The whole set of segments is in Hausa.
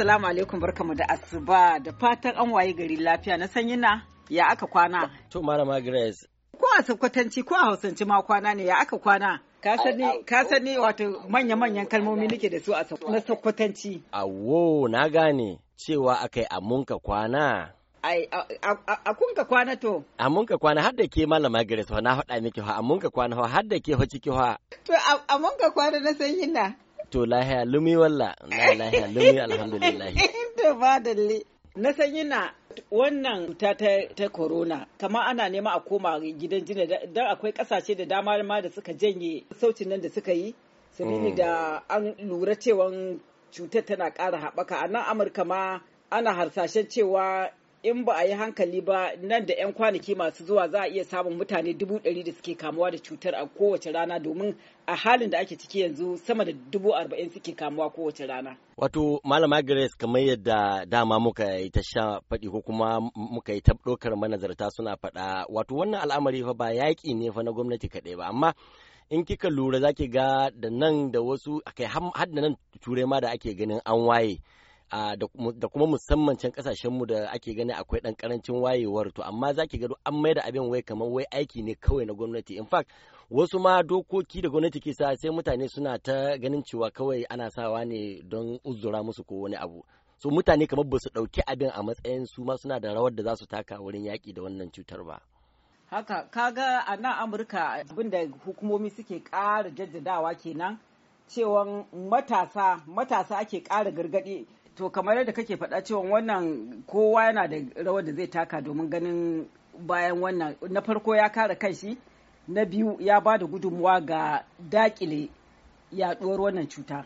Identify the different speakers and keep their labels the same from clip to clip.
Speaker 1: Assalamu alaikum barkamu da asuba da fatan an waye gari lafiya na san na ya aka kwana. To malama Grace. Ko a sakwatanci ko a hausance ma kwana ne ya aka kwana. Ka san ne wato manya-manyan kalmomi nake da su a
Speaker 2: sakwatanci. Awo na gane cewa akai ka kwana.
Speaker 1: Ai, a kunka kwana to?
Speaker 2: A munka kwana har da ke malama Grace na faɗa miki ho a munka kwana ho har da ke ho ciki ho.
Speaker 1: To, a munka kwana na sanyin na.
Speaker 2: To lahiya lumi walla, lahiya lumi alhamdulillah.
Speaker 1: To ba dalle. Na san yana wannan cuta ta corona kamar ana nema a koma gidan jina dan akwai kasashe da dama ma da suka janye sautin nan da suka yi sabili da an lura cewa cutar tana ƙara haɓaka a nan amurka ma ana harsashen cewa in ba a yi hankali ba nan da 'yan kwanaki masu zuwa za a iya samun mutane dubu ɗari da suke kamuwa da cutar a kowace rana domin a halin da ake ciki yanzu sama da dubu arba'in suke kamuwa kowace rana.
Speaker 2: Wato Malama Grace kamar yadda dama muka yi ta sha faɗi ko kuma muka yi ta ɗaukar manazarta suna faɗa wato wannan al'amari fa ba yaƙi ne fa na gwamnati kaɗai ba amma in kika lura zaki ga da nan da wasu akai har da nan turai ma da ake ganin an waye. da kuma musamman can kasashen mu da ake gani akwai dan karancin wayewar to amma zaki ga an mai da abin wai kamar wai aiki ne kawai na gwamnati in fact wasu ma dokoki da gwamnati ke sa sai mutane suna ta ganin cewa kawai ana sawa ne don uzura musu ko wani abu so mutane kamar ba su ɗauki abin a matsayin su ma suna da rawar da za su taka wurin yaki da wannan cutar ba.
Speaker 1: haka kaga a nan amurka abinda hukumomi suke kara jaddadawa kenan cewa matasa matasa ake kara gargaɗi to kamar yadda kake faɗa cewa wannan kowa yana da rawar da zai taka domin ganin bayan wannan na farko ya kare kanshi na biyu ya ba da gudunmuwa ga dakile yaduwar wannan cuta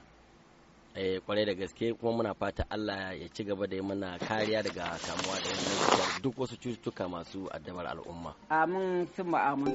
Speaker 2: eh kwarai da gaske kuma muna fata Allah ya ci gaba da yi mana kariya daga kamuwa da wannan duk wasu cututtuka masu addabar al'umma
Speaker 1: amin sun amin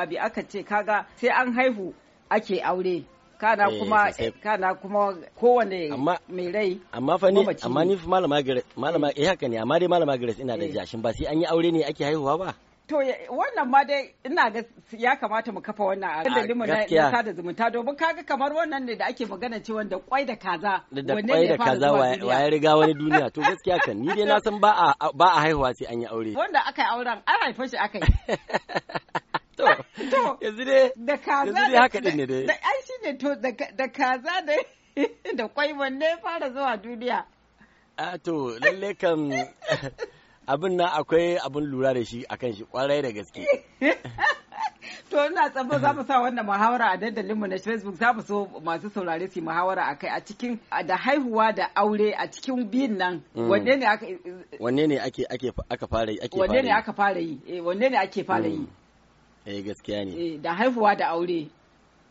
Speaker 1: jawabi aka ce kaga sai an haihu ake aure kana eh, kuma eh, kana kuma kowane mai rai
Speaker 2: amma fa ni amma ni malama eh. malama eh haka ne amma dai malama Grace ina da jashin ba sai an yi aure ne ake haihuwa ba
Speaker 1: To wannan ma dai ina ga ya kamata mu kafa wannan a dalilin mu na sada zumunta domin kaga kamar wannan ne da ake magana ce wanda kwai da kaza da kwai da kaza wa ya
Speaker 2: riga wani duniya to gaskiya kan ni dai na san ba a ba a haihuwa sai an yi aure
Speaker 1: wanda aka yi auren an haifa shi aka yi
Speaker 2: To, yanzu dai da kaza yanzu dai haka din ne dai. Da
Speaker 1: ai shi ne to da kaza da da kwai wanne fara zuwa duniya.
Speaker 2: A to lalle kan abin nan akwai abin lura da shi akan shi kwarai da gaske.
Speaker 1: To ina tsamma za mu sa wannan muhawara a dandalin mu na Facebook za mu so masu saurare su muhawara a kai a cikin da haihuwa da aure a cikin biyun nan mm. wanne ne aka
Speaker 2: wanne ne ake ake aka fara yi ake wanne ne aka
Speaker 1: fara yi eh, wanne ne ake fara yi
Speaker 2: eh gaskiya ne
Speaker 1: eh, da haifuwa da aure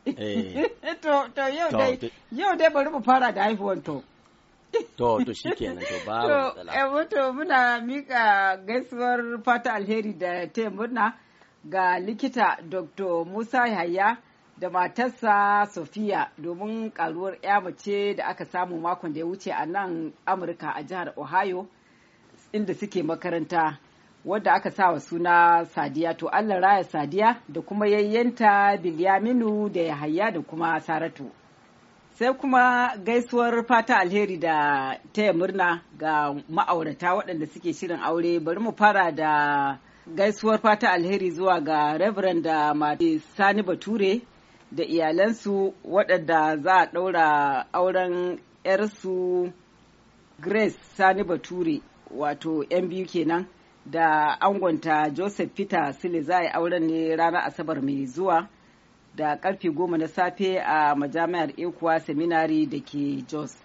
Speaker 2: eh.
Speaker 1: to yau dai yau dai bari mu fara da haifuwan to
Speaker 2: to to shikenan to ba
Speaker 1: eh, to muna mika gaisuwar fata alheri da ta murna ga likita dr musa yahaya da matarsa Sofiya domin karuwar 'ya mace da aka samu makon da ya wuce a nan Amurka a jihar Ohio inda suke makaranta. wadda aka sa wa suna sadiya to allah raya sadiya da kuma yayyanta bilyaminu da yahaya da kuma saratu sai kuma gaisuwar fata alheri da taya murna ga ma'aurata waɗanda suke shirin aure bari mu fara da gaisuwar fata alheri zuwa ga reverend da mati sani bature da iyalansu waɗanda za a ɗaura auren 'yarsu grace sani bature wato yan biyu kenan da angonta joseph peter sile za a yi auren ne ranar asabar mai zuwa da karfe goma na safe a majami'ar ekuwa seminary da ke jos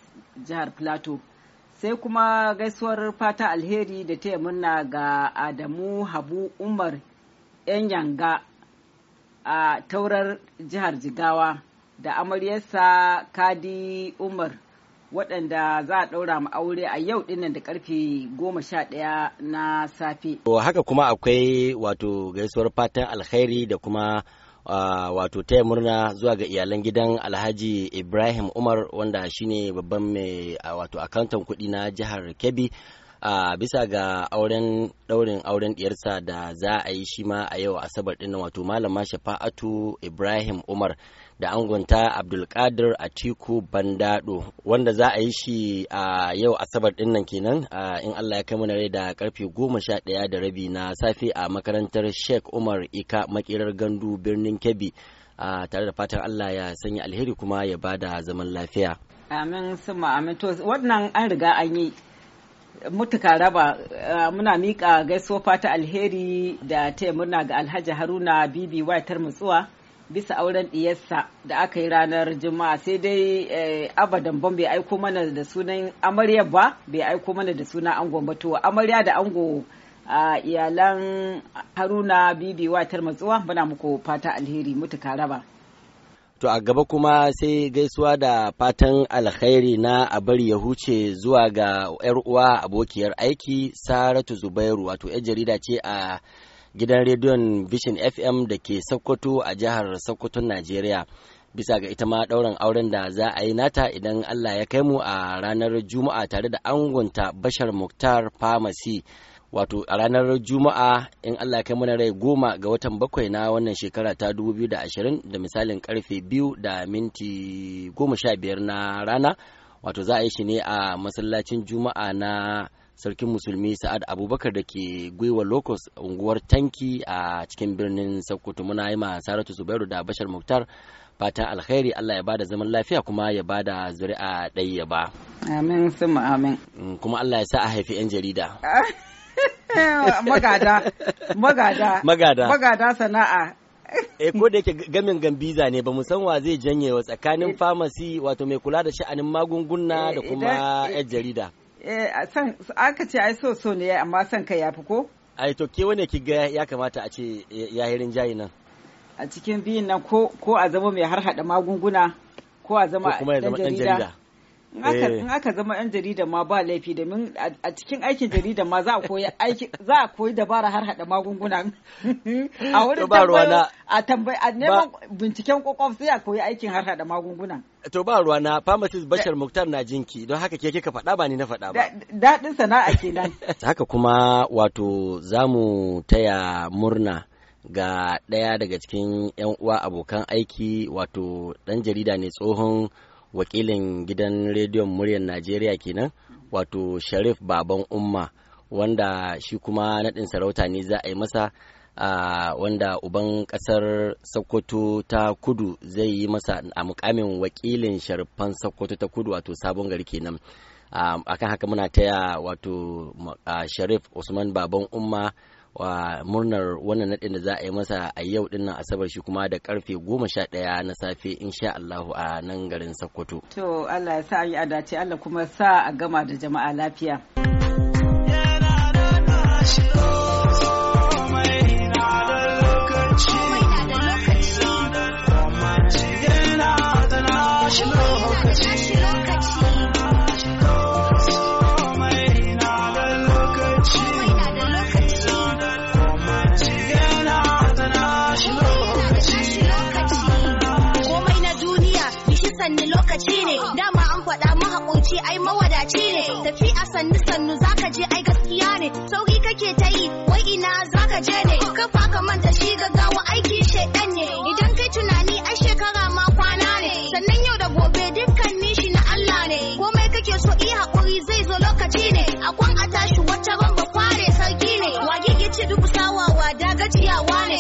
Speaker 1: jihar plateau sai kuma gaisuwar fata alheri da taya murna ga adamu habu umar yan yanga a taurar jihar jigawa da amaryarsa kadi umar waɗanda za a ɗaura mu aure a yau dinnan da karfe goma sha ɗaya na safe.
Speaker 2: to haka kuma akwai wato gaisuwar fatan alkhairi da kuma Uh, wato taya murna zuwa ga iyalan gidan alhaji ibrahim umar wanda shine babban mai uh, wato akantan kuɗi na jihar kebbi a uh, bisa ga auren daurin auren diyarsa da za a yi shi ma a yau asabar ɗin wato malama shafa'atu ibrahim umar da angonta abdulkadir atiku bandado wanda za a yi shi a yau asabar dinnan kenan in allah ya kai mana rai da karfe goma sha ɗaya da rabi na safe a makarantar sheikh umar ika makirar gandu birnin kebbi tare da fatan allah ya sanya alheri kuma ya ba da zaman lafiya
Speaker 1: amin suma amin to wannan an riga an yi mutuka raba muna miƙa gaisuwa fata alheri da ta murna ga alhaji haruna bibi watar mutsuwa bisa auren diyarsa da aka yi ranar juma'a sai dai eh, abadan ban bai aiko mana da sunan amarya ba bai aiko mana da suna ango ba to amarya da ango a iyalan haruna bibi watar matsuwa bana muku fata alheri mutuka raba
Speaker 2: to a gaba kuma sai gaisuwa da fatan alkhairi na a bari ya huce zuwa ga 'yar uwa abokiyar aiki saratu zubairu wato 'yar jarida ce a gidan rediyon vision fm da ke sokoto a jihar sokoto najeriya bisa ga ita ma ɗaurin auren da za a yi nata idan allah ya kai mu a ranar juma'a tare da angonta bashar muktar pharmacy wato a ranar juma'a in allah kai mana rai goma ga watan bakwai na wannan shekara ta 2020 da misalin karfe biyu da minti goma sha biyar na rana wato za a yi shi ne a masallacin juma'a na sarkin musulmi sa'ad abubakar da ke gwiwa locus unguwar tanki a cikin birnin sokoto muna yi ma saratu zubairu da bashar muktar fatan alkhairi allah ya bada zaman lafiya kuma ya bada zuri'a ya ba amin sun amin mm, kuma allah ya sa a haifi yan jarida
Speaker 1: magada
Speaker 2: magada magada
Speaker 1: magada sana'a
Speaker 2: e ko da yake gamin gambiza ne ba mu san wa zai janye wa tsakanin eh. famasi wato mai kula da sha'anin magunguna da eh, kuma yan jarida
Speaker 1: Eh, aka ce ai so so ne amma son ka fi ko
Speaker 2: ai to ke wane ki ga ya kamata a ce ya hirin jayi nan
Speaker 1: a cikin biyun nan ko a zama mai har hada magunguna ko a zama dan jarida in aka eh. zama yan jarida ma ba laifi domin a cikin aikin jarida ma za a koyi dabara har hada magunguna
Speaker 2: a wurin
Speaker 1: a tambayi a neman binciken kokof sai a koyi aikin har hada magunguna
Speaker 2: to ba ruwa na pharmacist Bashar Muktar na jinki don haka ke kika faɗa ba ni na faɗa ba.
Speaker 1: Daɗin sana'a kenan.
Speaker 2: haka kuma wato za mu taya murna ga ɗaya daga cikin 'yan uwa abokan aiki wato ɗan jarida ne tsohon wakilin gidan rediyon muryar Najeriya kenan wato Sharif Baban Umma wanda shi kuma naɗin sarauta ne za a yi masa a wanda uban kasar sokoto ta kudu zai yi masa a mukamin wakilin sharifan sokoto ta kudu wato sabon gari kenan akan haka muna taya wato sharif usman baban umma wa murnar wannan nadin da za a yi masa a yau din asabar shi kuma da karfe goma sha ɗaya na safe insha Allahu a nan garin Sokoto. To
Speaker 1: Allah ya sa a yi Allah kuma sa a gama da jama'a lafiya.
Speaker 3: kake ta yi wai ina zaka je ne kafa ka manta shi gaggawa aiki shaidan ne idan kai tunani ai shekara ma kwana ne sannan yau da gobe dukkan nishi na Allah ne komai kake so yi hakuri zai zo lokaci ne akwan a tashi wata ran ba kware sarki ne wage ya ce duk sawawa da gajiyawa ne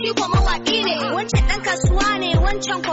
Speaker 3: shi ko mawaki ne wancan dan kasuwa ne wancan ko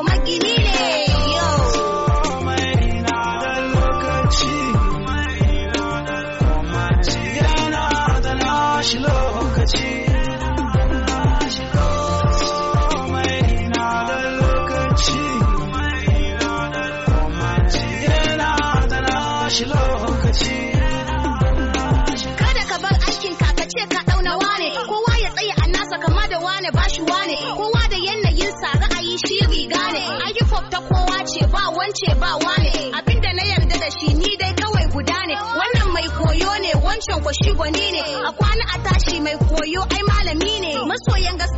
Speaker 3: ta kowa ce ba wance ba wane abinda na yarda da shi ni dai kawai guda ne wannan mai koyo ne wancan kwashi gwani ne a kwana a tashi mai koyo ai malami ne masoyan gaskiya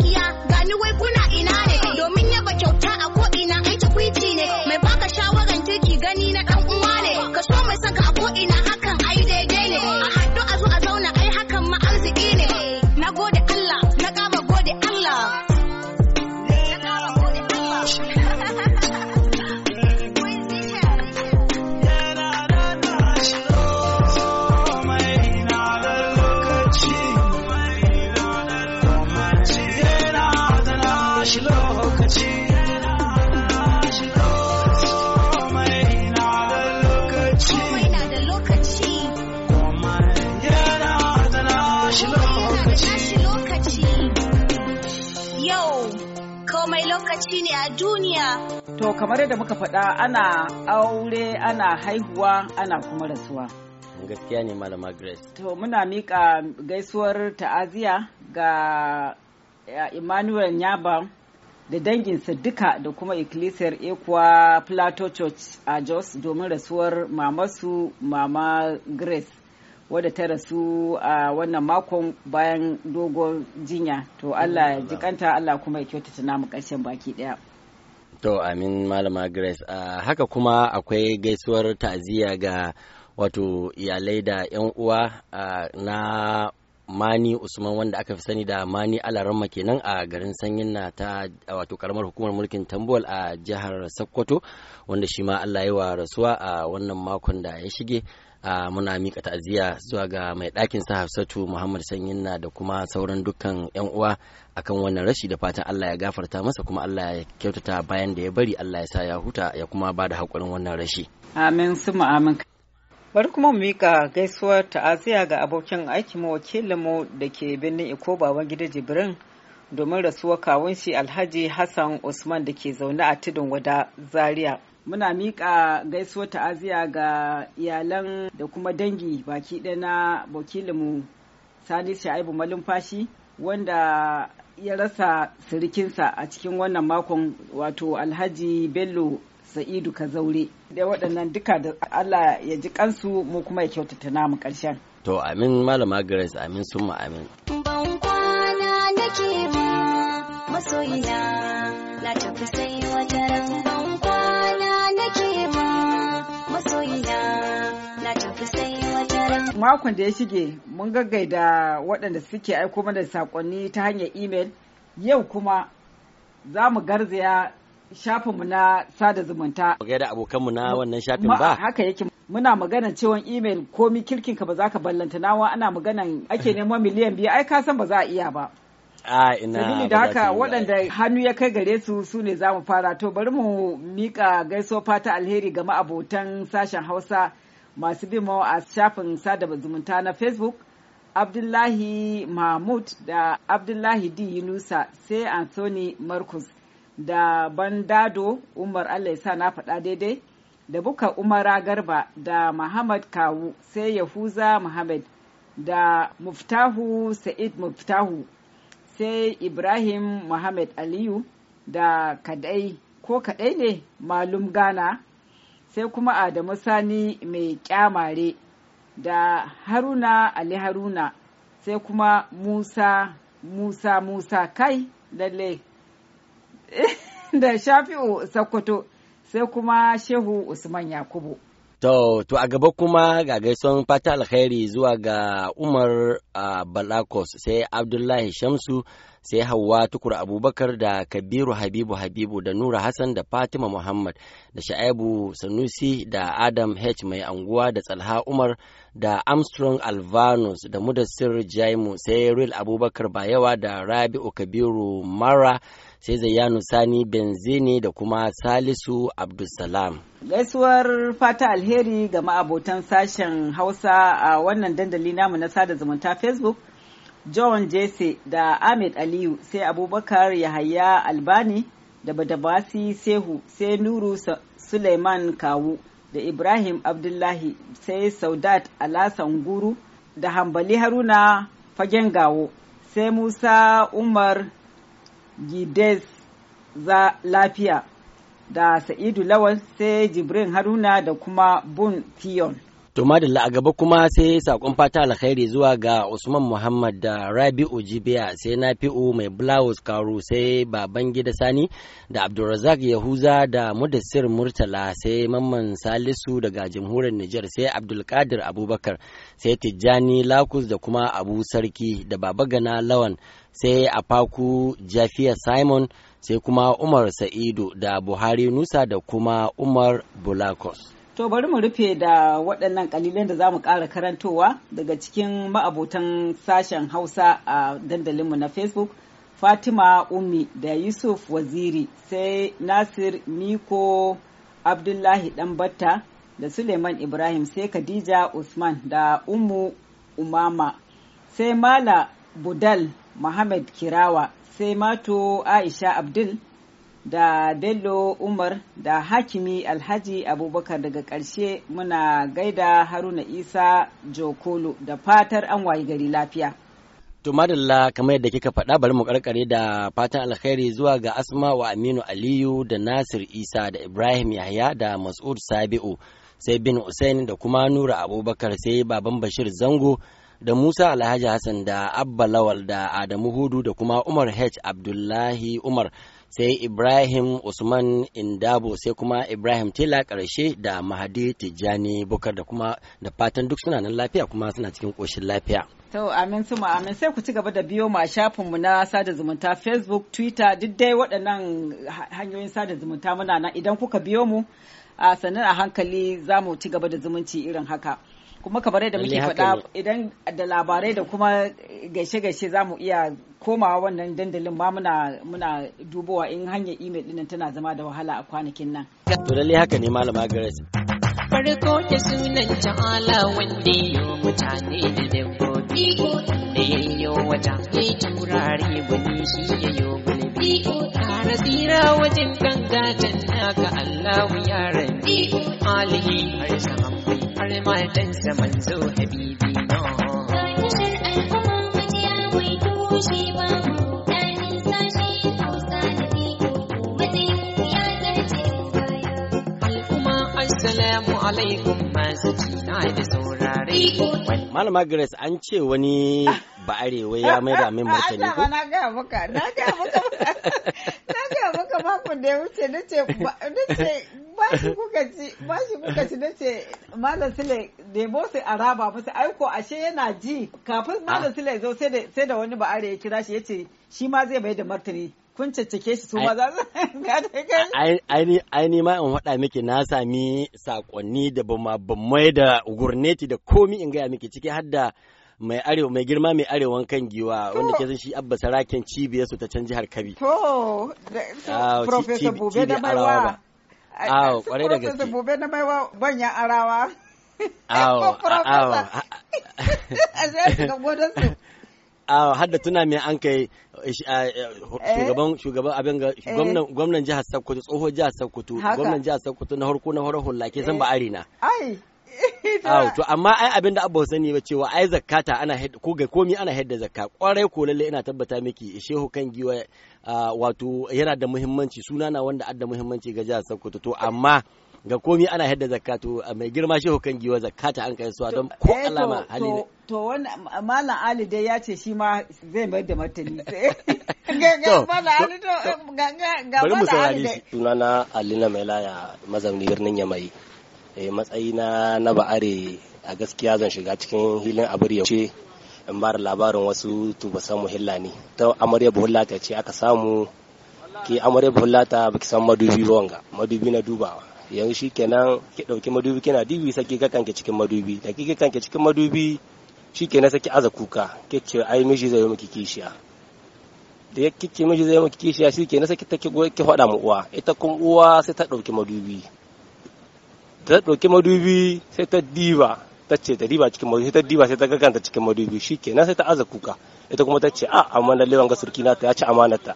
Speaker 3: komai lokaci ne a duniya. To kamar yadda
Speaker 1: muka faɗa ana aure ana haihuwa ana kuma rasuwa.
Speaker 2: Gaskiya ne malama Grace.
Speaker 1: To muna miƙa gaisuwar ta'aziya ga Emmanuel Nyaba da danginsa duka da kuma ikkilisiyar Ekuwa Plateau Church a Jos domin rasuwar mamasu Mama Grace. wadda ta rasu a wannan makon bayan dogon jinya to Allah ya jikanta Allah kuma ya kyautata namu ƙarshen baki ɗaya.
Speaker 2: To amin malama Grace haka kuma akwai gaisuwar ta'aziyya ga wato iyalai da 'yan uwa na mani usman wanda aka fi sani da mani alaramma kenan a garin sanyin na ta wato karamar hukumar mulkin tambuwal a jihar sokoto wanda shi ma allah yi wa rasuwa a wannan makon da ya shige muna mika ta'aziyya zuwa ga mai ɗakin sa Hafsatu Muhammad Sanyinna da kuma sauran dukkan yan uwa akan wannan rashi da fatan Allah ya gafarta masa kuma Allah ya kyautata bayan da ya bari Allah ya sa ya huta ya kuma ba da haƙurin wannan rashi.
Speaker 1: Amin suma amin. Bari kuma mu mika gaisuwar ta'aziyya ga abokin aiki mu mu da ke birnin Iko Baban Gida Jibrin domin rasuwa kawun shi Alhaji Hassan Usman da ke zaune a tudun wada Zaria muna miƙa gaisuwar ta'aziya ga iyalan da kuma dangi baki ɗaya na wakilinmu sani sha'ibu malumfashi wanda ya rasa sirikinsa a cikin wannan makon wato alhaji bello sa'idu kazaure da waɗannan duka da allah ya ji kansu mu kuma ya kyautata namu ƙarshen
Speaker 2: to amin malama grace amin summa amin
Speaker 3: masoyina na tafi sai wata ran
Speaker 1: Makon da ya shige mun gaggaida waɗanda suke aiko mana saƙonni ta hanyar imel yau kuma za mu garzaya shafinmu na sada zumunta.
Speaker 2: gaida abokanmu na wannan shafin ba.
Speaker 1: Haka yake muna magana cewa imel komi kirkinka ba za ka ballanta nawa ana magana ake neman miliyan biyu ai ka san ba za a iya ba.
Speaker 2: Sabili da haka
Speaker 1: waɗanda hannu ya kai gare su su ne za mu fara to bari mu miƙa gaisuwa fata alheri ga ma'abotan sashen Hausa. masu bin mawa a shafin sada zumunta na facebook abdullahi mahmud da abdullahi d yunusa sai anthony marcus da bandado umar allah sa na faɗa daidai da buka umara garba da muhammad kawu sai yahuza muhammad da muftahu sa'id muftahu sai ibrahim muhammad aliyu da kadai ko kadai ne malum ghana sai kuma Adamu Sani mai kyamare da Haruna Ali Haruna sai kuma Musa Musa Musa kai lalle da Shafi'u Sokoto sai kuma Shehu Usman Yakubu.
Speaker 2: To, to a gaba kuma ga gaison fata alkhairi zuwa ga Umar uh, Balakos sai Abdullahi Shamsu sai Hauwa Tukur Abubakar da Kabiru Habibu Habibu da Nura Hassan da Fatima Muhammad da Sha'aibu Sanusi da Adam H mai anguwa da Tsalha Umar da Armstrong Alvanus da Mudassir Jaimu sai Ril Abubakar Bayawa da Rabi'u Kabiru Mara sai zayyanu sani benzini da kuma salisu abdulsalam
Speaker 1: gaisuwar fata alheri ga ma'abotan sashen hausa a wannan dandali namu na sada zumunta facebook john jesse da ahmed aliyu sai abubakar yahaya albani da badabasi sehu sai nuru suleiman kawu da ibrahim abdullahi sai saudat alasan guru da hambali haruna fagen gawo sai musa umar gides za lafiya da sa'idu lawal sai jibrin haruna da kuma bun fiyon
Speaker 2: To da a gaba kuma sai sakon fata alkhairi zuwa ga Usman Muhammad da Rabi'u Jibiya sai na Nafi'u mai Blouse Karu sai Baban Gida Sani da Abdulrazak Yahuza da Mudassir Murtala sai Mamman Salisu daga Jamhuriyar Nijar sai Abdulkadir Abubakar sai Tijjani Lakus da kuma Abu Sarki da Baba Gana Lawan sai Afaku Jafiya Simon sai kuma Umar Sa'idu da Buhari Nusa da kuma Umar Bulakos.
Speaker 1: To bari mu rufe da waɗannan ƙalilan da za mu ƙara karantowa daga cikin ma'abotan sashen Hausa a dandalinmu na Facebook. Fatima umi da Yusuf Waziri sai Nasir Miko Abdullahi Ɗanbatta da Suleiman Ibrahim sai Khadija Usman da umu Umama sai Mala Budal Muhammad Kirawa sai Mato Aisha Abdul da bello umar da hakimi alhaji abubakar daga ƙarshe muna gaida haruna isa jokolo da fatar an wayi gari lafiya
Speaker 2: to madalla kamar yadda kika faɗa bari mu karkare da fatan alkhairi zuwa ga asma wa aminu aliyu da nasir isa da ibrahim yahya da mas'ud sabi'u sai bin usain da kuma nura abubakar sai baban bashir zango da Musa Alhaji Hassan da Abba Lawal da Adamu Hudu da kuma Umar H. Abdullahi Umar sai Ibrahim Usman Indabo sai kuma Ibrahim Tela karshe da Mahadi Tijjani Bukar da kuma da fatan duk suna nan lafiya kuma suna cikin ƙoshin lafiya.
Speaker 1: To amin su amin sai ku ci gaba da biyo ma shafinmu na sada zumunta Facebook, Twitter duk dai waɗannan hanyoyin sada zumunta muna nan idan kuka biyo mu a sannan a hankali za mu ci gaba da zumunci irin haka. kuma kamar yadda muke faɗa idan da labarai da kuma gaishe-gaishe za mu iya komawa wannan dandalin ma muna muna dubowa in hanyar imel dinnan tana zama da wahala a kwanakin nan.
Speaker 2: To lalle haka ne malama Grace.
Speaker 4: Farko da sunan ta'ala wanda yi mutane da dabbobi da yayyo wata ya turare wani shi ya yi wani biyu. Kara tsira wajen ganga janna ga Allahu ya rabi. Alihi har sahabbai har zaman zo habibi na. Ka
Speaker 2: Malama Grace an ce wani ba arewa ya da min martani ko?
Speaker 4: Na ga muka, na ga muka,
Speaker 1: na ga muka makon da ya wuce na ce bashi kuka ci bashi kuka ci nace malam sule debo sai raba musu aiko ashe yana ji kafin malam ah. sile zo sai da sai da wani ba'are ya kira shi yace shi ma zai bai da martani kun caccake shi su ma za
Speaker 2: su ai ni ma in faɗa miki na sami sakonni da bama bamai da gurneti da komi in gaya miki ciki har da mai arewa mai girma mai arewan kan giwa wanda ke shi abba sarakin cibiyar su ta can jihar kabi
Speaker 1: to professor bube da baiwa
Speaker 2: awo kwarai da gaske
Speaker 1: bobe na baiwa banyan arawa
Speaker 2: awo awo a zai shiga godon su a hadda tuna mai an kai eh? shugaban shugaban abin ga eh. gwamnan jihar Sokoto tsohon jihar Sokoto gwamnan jihar Sokoto na harko na horar hulla ke san ba eh. arina
Speaker 1: ai Aw, to
Speaker 2: amma ai abin da abu sani ba cewa ai zakata ana ko ga komi ana hedda zakka kwarai ko lalle ina tabbata miki shehu kan giwa wato yana da muhimmanci suna na wanda adda muhimmanci ga jihar Sokoto to amma ga komi ana hedda zakka to mai girma shehu kan giwa zakata an kai suwa don ko eh, alama hali ne
Speaker 1: to wannan malam Ali dai ya ce shi ma zai mai da martani
Speaker 5: ga
Speaker 3: malam Ali to ga ga malam Ali
Speaker 5: sunana Alina Mailaya mazamni birnin Yamai Eh, Matsayi na na ba'are a gaskiya zan shiga cikin hilin abir yaushe in ba da labarin wasu tuba samu hilla ne ta amarya buhullata ce aka samu ke amarya buhullata baki san madubi ba wanga madubi na dubawa yanzu shi kenan ki dauki madubi kina dibi saki ka kanki cikin madubi da ki kanki cikin madubi shi kenan saki aza kuka ce ai miji zai miki kishiya da ya kike miji zai miki kishiya shi kenan saki take ki faɗa mu uwa ita kuma uwa sai ta dauki madubi ta ɗauki madubi sai ta diba ta ce ta diba cikin madubi ta diba sai ta gaganta cikin madubi shi kenan sai ta aza kuka ita kuma ta ce a ah, amma na lewan gasurki na ta ya ci amanarta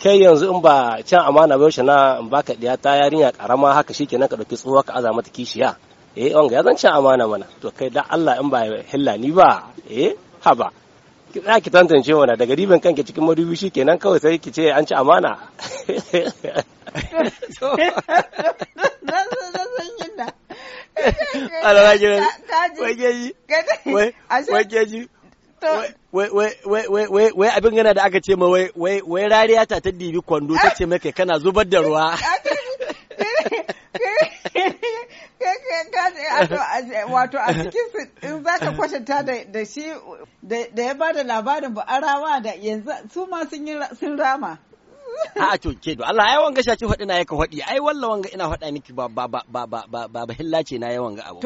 Speaker 5: kai yanzu in ba can amana ba yaushe na in baka diya ta yarinya karama haka shi kenan ka ɗauki tsohuwa ka aza mata kishiya eh wanga ya zan ci amana mana to kai da Allah in ba hilla ni ba eh haba ki ki tantance wana daga riban kanki cikin madubi shi kenan kawai sai ki ce an ci amana
Speaker 2: Wai abin gana da aka ce ma wai rariya ta ta dibi kwando ta ce maka kana zubar da ruwa.
Speaker 1: Wato a cikin su in za ka ta da shi da ya bada labarin ba arawa da yanzu su ma sun rama
Speaker 2: a'a to ke do Allah ai wanga shaci faɗi na yaka faɗi ai walla wanga ina faɗa miki ba ba ba ba ba ba hilla na yawan ga abu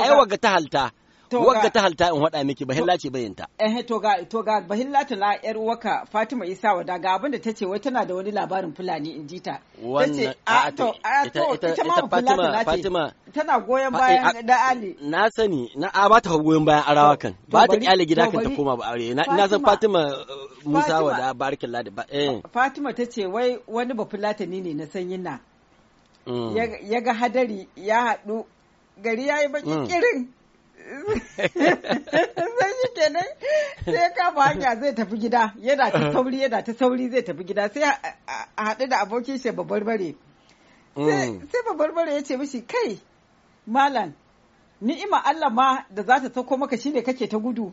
Speaker 2: ai wanga ta halta wagga ta halta in waɗa miki bahilla ce bayinta
Speaker 1: eh to ga to ga bahilla ta la yar waka Fatima Isa wada ga abin da tace wai tana da wani labarin Fulani in jita tace a to a to ita ma Fatima Fatima tana goyon bayan
Speaker 2: da Ali na sani na a ba ta goyon bayan arawa kan ba ta kyale gida kan ta koma ba aure na san Fatima uh, Musa wada barkilla da eh
Speaker 1: Fatima tace wai wani ba bafulatani ne na sanyin na mm. ya ga hadari ya haɗu gari ya yi baki kirin mm. sai shi kenan sai kama hanya zai tafi gida yana ta eh. sauri yana ta sauri zai tafi gida sai a haɗu da abokin shi bare sai
Speaker 4: mm.
Speaker 1: bare ya ce mishi kai malam ni'ima Allah ma da za ta sauko maka shine kake ta gudu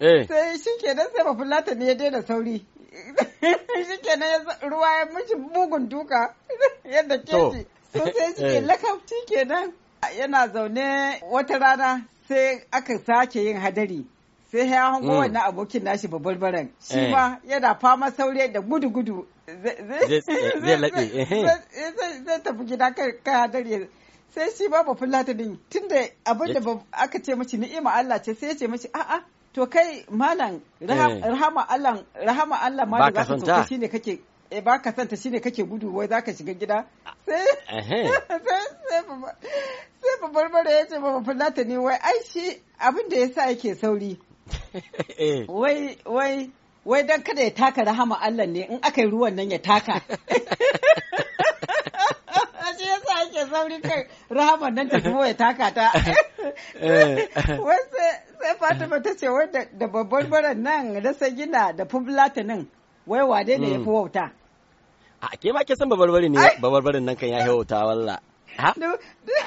Speaker 1: eh. sai shi kenan sai bafulata ne ya daina sauri shi kenan ruwa ya mishi bugun duka yadda ke shi sosai shi ke eh. lakafci kenan yana zaune wata rana sai aka sake yin hadari sai ya hango mm. wannan abokin nashi babarbaran shi eh. ma yana fama saurayi da gudu-gudu zai tafi gida kai hadari sai shi ba bafin latinin tunda abin da aka ce mace ni'ima Allah ce sai ya ce mace a'a to kai malam eh. rahama Allah rahama Allah ma da za ka shi ne kake e ba ka santa shine kake gudu wai za ka shiga gida sai ba babbar ya ce ba fulata ne wai ai shi abin da sa yake sauri
Speaker 4: eh.
Speaker 1: wai wai wai dan kada ya taka rahama Allah ne in aka yi ruwan nan ya taka shi yasa ake sauri kai rahama nan ta zuwa ya taka ta eh. wai sai Fatima ta ce wai da babbar baran nan da sagina da fulatinin wai wade ne ya fi hmm. wauta
Speaker 2: a ke ma ke san babarbarin ne babarbarin nan kan ya fi wauta walla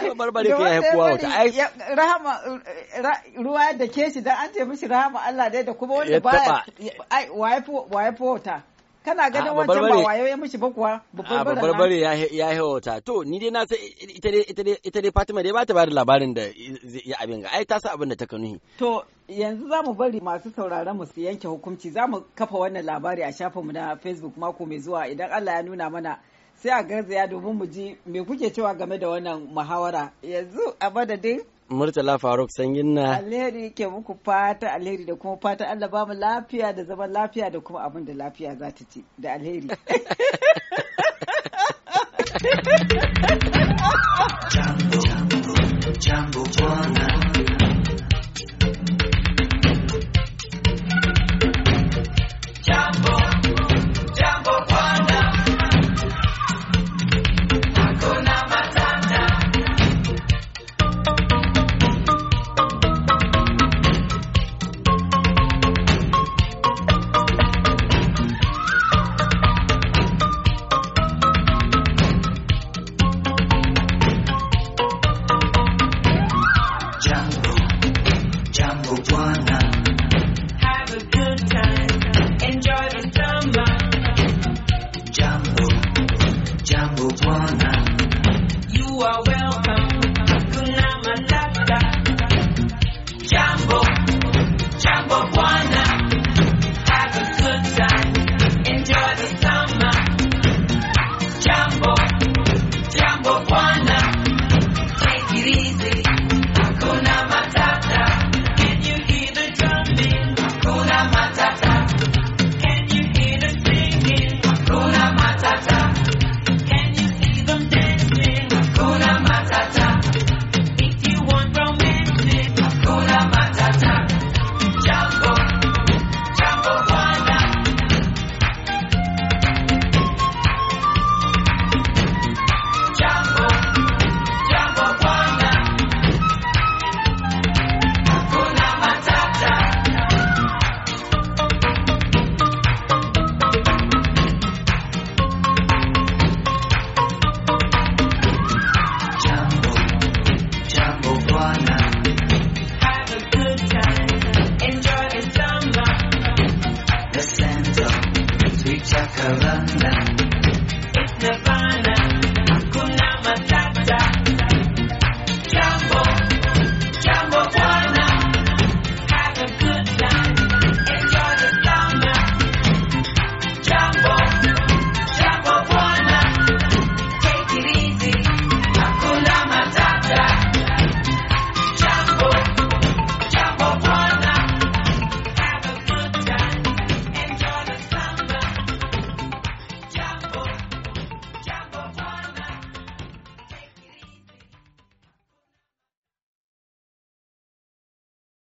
Speaker 1: babarbarin kan ya fi wauta ai rahama ruwa da ke shi dan an ce mishi rahama Allah dai da kuma wanda ba ai waye fi wauta kana ganin ah, wancan ba wayo ya mishi ba kuwa babbar ah, bare
Speaker 2: ya hawata to ni dai na sai ita dai Fatima dai ba ta bada labarin da ya abin ga ai ta sa abin da ta kanu. to
Speaker 1: yanzu za mu bari masu sauraron mu su yanke hukunci za mu kafa wannan labari a shafin mu na Facebook mako mai zuwa idan Allah ya nuna mana sai a garzaya domin mu ji me kuke cewa game da wannan muhawara yanzu a madadin
Speaker 2: Murtala Faruk sanyin na.
Speaker 1: Alheri ke muku fata alheri da kuma fata Allah ba mu lafiya da zaman lafiya da kuma abin da lafiya za ta ci
Speaker 4: da alheri. Botswana. You are well.